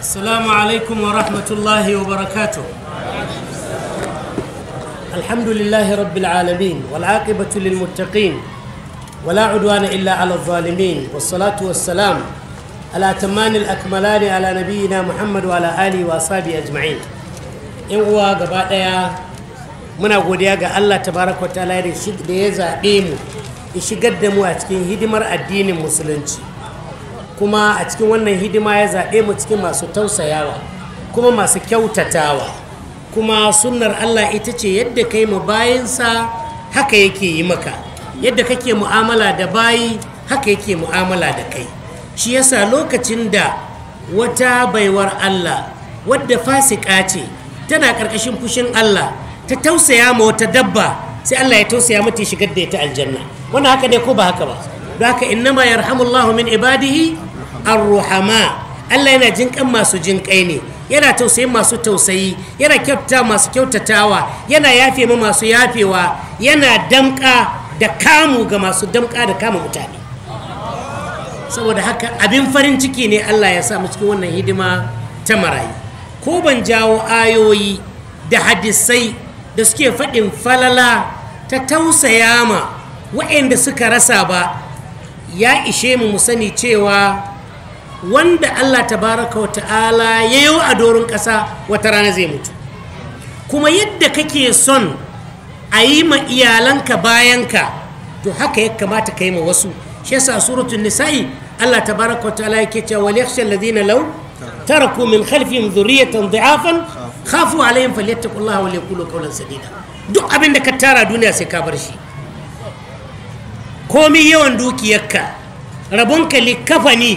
السلام عليكم ورحمة الله وبركاته الحمد لله رب العالمين والعاقبة للمتقين ولا عدوان إلا على الظالمين والصلاة والسلام على تمان الأكملان على نبينا محمد وعلى آله وأصحابه أجمعين إن هو قبائل muna godiya ga Allah tabaraka wa ta'ala da ya zaɓe mu shigar da mu a cikin hidimar addinin musulunci kuma a cikin wannan hidima ya zaɓe mu cikin masu tausayawa kuma masu kyautatawa kuma sunnar Allah ita ce yadda kai mu bayansa haka yake yi maka yadda kake mu'amala da bayi haka yake mu'amala da kai shi yasa lokacin da wata baiwar Allah wadda fasika ce tana ƙarƙashin fushin Allah ta tausaya ma wata dabba sai Allah ya tausaya mata shigar da ita aljanna wannan haka ne ko ba haka ba don haka innama yarhamullahu min ibadihi arruhama Allah yana jin masu jin ne yana tausayin masu tausayi yana kyauta masu kyautatawa yana yafe ma masu yafewa yana damka da kamu ga masu damka da kama mutane saboda haka abin farin ciki ne Allah ya sa cikin wannan hidima ta marayu. ko ban jawo ayoyi da hadisai da suke faɗin falala ta tausaya ma waɗanda suka rasa ba ya ishe mu mu sani cewa wanda Allah tabaraka wa ta'ala ya yi a doron ƙasa wata rana zai mutu kuma yadda kake son a yi ma iyalanka bayanka to haka ya kamata ka yi ma wasu shi yasa suratul nisa'i Allah tabaraka wa ta'ala yake cewa wal yakhsha alladhina law تركوا من خلفهم ذرية ضعافا خافوا عليهم فليتقوا الله وليقولوا قولا سديدا duk abin da ka tara duniya sai ka bar shi komi yawan dukiyarka rabonka likkafani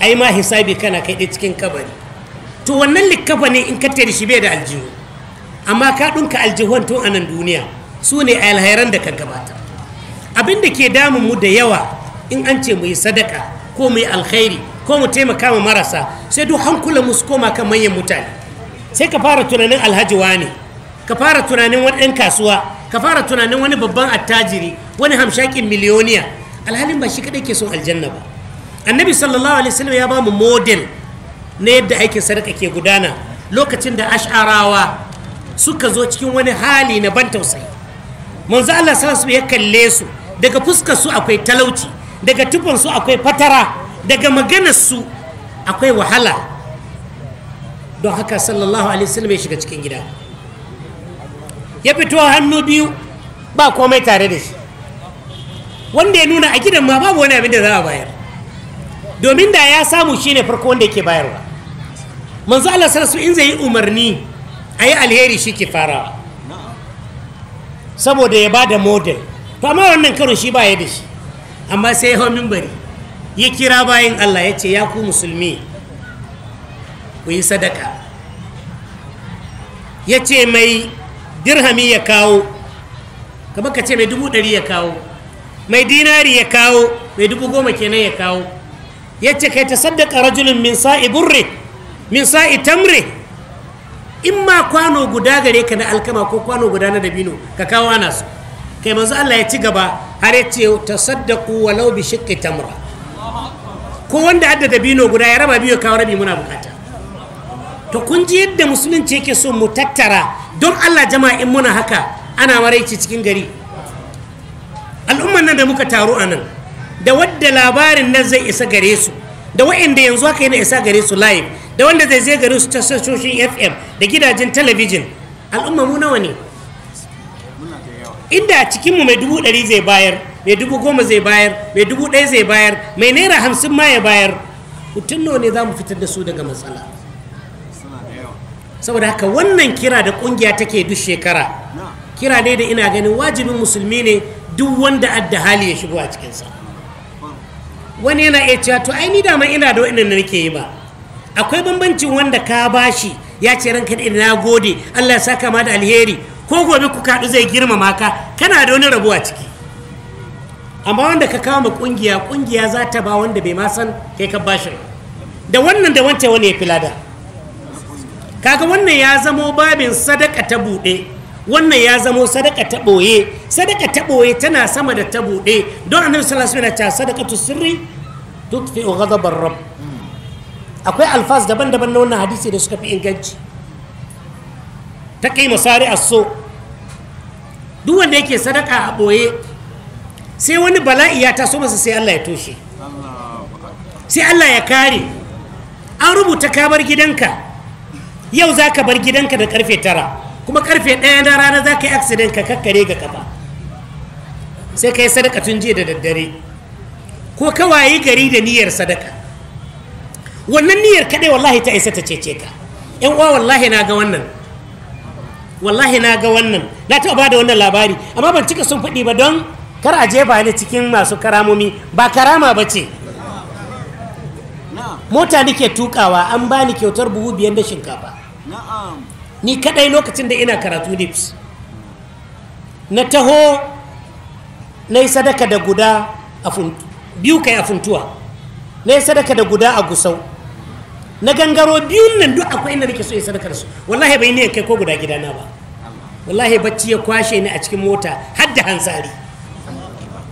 a ma hisabi kana kai ɗaya cikin kabari to wannan likafani in ka tare shi bai da aljihu amma ka ɗunka aljihun tun a nan duniya su ne alhairan da ka gabata abin da ke damun mu da yawa in an ce mu yi sadaka ko mu yi alkhairi ko mu taimaka ma marasa sai duk hankulan mu su koma kan manyan mutane sai ka fara tunanin alhaji wane ka fara tunanin wani ɗan kasuwa ka fara tunanin wani babban attajiri wani hamshakin miliyoniya alhalin ba shi kaɗai ke son aljanna ba annabi sallallahu alaihi wasallam ya ba mu model na yadda aikin sadaka ke gudana lokacin da ash'arawa suka zo cikin wani hali na ban tausayi manzo Allah sallallahu alaihi ya kalle su daga fuskar su akwai talauci daga tufan su akwai fatara daga maganarsu akwai wahala don haka sallallahu alaihi wasallam ya shiga cikin gida ya fito hannu biyu ba komai tare da shi wanda ya nuna a gidan ma babu wani abin da za a bayar domin da ya samu shi ne farko wanda yake bayarwa manzo Allah sarsu in zai yi umarni a yi alheri shi ke farawa saboda ya ba da model to amma wannan karo shi ba ya da shi amma sai ya hau mimbari ya kira bayan Allah ya ce ya ku musulmi ku yi sadaka ya ce mai dirhami ya kawo kama ka ce mai dubu ɗari ya kawo mai dinari ya kawo mai dubu goma kenan ya kawo ya ce kai ta sadaka rajulun min sa'i burre min sa'i tamre in ma kwano guda gare ka na alkama ko kwano guda na dabino ka kawo ana su kai manzo Allah ya ci gaba har ya ce ta saddaku walau bi shiqqi tamra ko wanda adda dabino guda ya raba biyu kawo rabi muna bukata to kun ji yadda musulunci yake so mu tattara don allah jama'a in muna haka ana maraici cikin gari al'umman nan da muka taru a nan da wadda labarin nan zai isa gare su da wa'inda yanzu haka yana isa gare su live da wanda zai zai gare su ta sashoshin fm da gidajen talabijin al'umma mu nawa ne inda cikinmu mai dubu ɗari zai bayar mai dubu goma zai bayar mai dubu ɗaya zai bayar mai naira hamsin ma ya bayar mutum nawa ne za mu fitar da su daga matsala saboda haka wannan kira da ƙungiya take duk shekara kira ne da ina ganin wajibin musulmi ne duk wanda adda hali ya shigo a cikinsa wani yana iya cewa to ai ni dama ina da waɗanda nake yi ba akwai bambancin wanda ka bashi ya ce ranka da na gode Allah ya saka ma da alheri ko gobe ku kaɗu zai girmama ka kana da wani rabuwa ciki amma wanda ka kama kungiya kungiya za ta ba wanda bai ma san kai ka bashi da wannan da wancan wani ya fi lada kaga wannan ya zamo babin sadaka ta buɗe wannan ya zamo sadaka ta ɓoye sadaka ta ɓoye tana sama da ta buɗe don annabi sallallahu alaihi wasallam ya ce sadaka tu sirri tutfi ghadabar rabb akwai alfaz daban-daban na wannan hadisi da suka fi inganci ta kai masari so duk wanda yake sadaka a ɓoye sai wani bala'i ya taso masa sai Allah ya toshe sai Allah ya kare an rubuta ka bar gidanka yau za ka bar gidanka da karfe tara kuma karfe ɗaya na rana za ka yi accident ka kakkare ga kafa sai ka yi sadaka tun jiya da daddare ko ka gari da niyyar sadaka wannan niyyar kaɗai wallahi ta isa ta cece ka yan uwa wallahi na ga wannan wallahi na ga wannan na taɓa ba da wannan labari amma ban cika sun faɗi ba don kar a jefa ni cikin masu karamomi ba karama ba ce mota nike tukawa an ba ni kyautar buhu biyan da shinkafa ni kadai lokacin da ina karatu lips na taho na yi sadaka da guda a biyu kai a funtuwa na yi sadaka da guda a gusau na gangaro biyun nan duk akwai inda nake so yi sadakar su wallahi bai ne kai ko guda gidana ba wallahi bacci ya kwashe ni a cikin mota har da hansari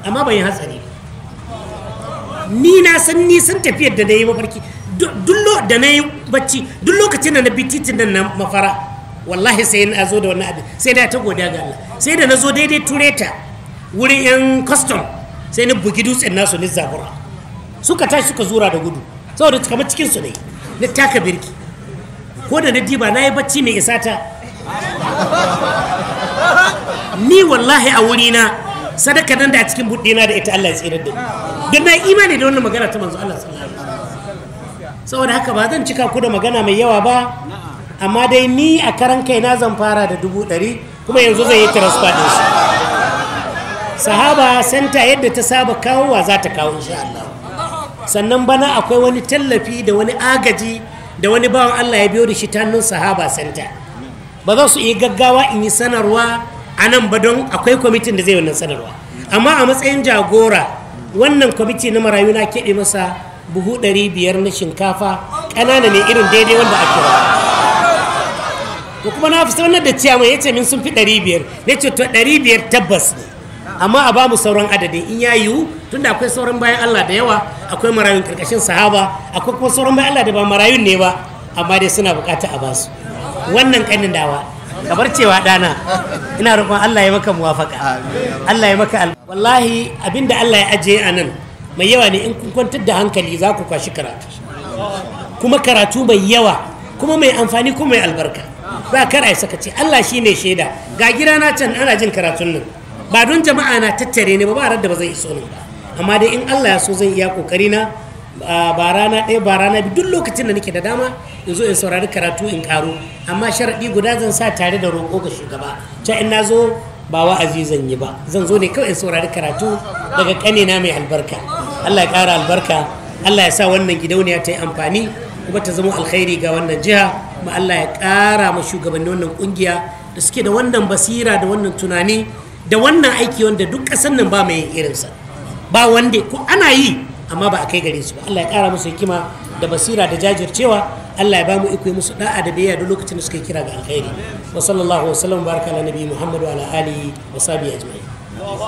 amma bai hatsari ni na san san tafiyar da na yi mafarki dullo da na yi bacci duk lokacin da na bi titin nan na mafara wallahi sai na zo da wani abin sai da ta godiya ga Allah sai da na zo daidai tureta wurin yan custom sai na bugi dutsen nasu ni zabura suka tashi suka zura da gudu saboda kamar cikin su ne na taka birki ko da na diba na yi bacci mai isa ta ni wallahi a wurina sadaka nan da a cikin na da ita Allah ya tsirar da ni don na imani da wannan magana ta manzo Allah sallallahu alaihi wasallam saboda haka ba zan cika ku da magana mai yawa ba amma dai ni a karan kai na zan fara da dubu ɗari kuma yanzu zai yi transfer din shi sahaba santa yadda ta saba wa za ta kawo insha Allah sannan bana akwai wani tallafi da wani agaji da wani bawan Allah ya biyo da shi ta sahaba santa ba za su yi gaggawa in yi sanarwa a nan ba don akwai kwamitin da zai wannan sanarwa amma a matsayin jagora wannan kwamiti na marayu na keɓe masa buhu ɗari biyar na shinkafa ƙanana ne irin daidai wanda a kira to kuma na fi wannan da ciyaman ya ce min sun fi ɗari biyar na ce to ɗari biyar tabbas ne amma a ba mu sauran adadin in ya yiwu tunda akwai sauran bayan Allah da yawa akwai marayun karkashin sahaba akwai kuma sauran bayan Allah da ba marayun ne ba amma dai suna bukata a basu wannan kanin dawa ka bar cewa ɗana ina roƙon Allah ya maka muwafaka Allah ya maka al wallahi abinda Allah ya ajiye a nan mai yawa ne in kun kwantar da hankali za ku kwashi karatu kuma karatu mai yawa kuma mai amfani kuma mai albarka ba kar ai saka ce Allah shi ne shaida ga gida na can ana jin karatun nan ba don jama'a na tattare ne ba ba da ba zai iso nan ba amma dai in Allah ya so zan iya kokari na ba rana ɗaya ba rana duk lokacin da nake da dama in zo in saurari karatu in karo amma sharaɗi guda zan sa tare da roƙo ga shugaba ta in na zo ba wa azizan yi ba zan zo ne kawai in saurari karatu daga na mai albarka allah ya ƙara albarka allah ya sa wannan gidauniya ta yi amfani kuma ta zama alkhairi ga wannan jiha kuma allah ya ƙara ma shugabanni wannan ƙungiya da suke da wannan basira da wannan tunani da wannan aiki wanda duk ƙasar nan ba mai irinsa ba wanda ko ana yi amma ba a kai gare su ba Allah ya kara musu hikima da basira da jajircewa Allah ya ba mu iko musu da'a da biyayya da lokacin da suka kira ga alkhairi wa sallallahu wa sallam baraka ala nabiyyi muhammad wa ala alihi wa ajma'in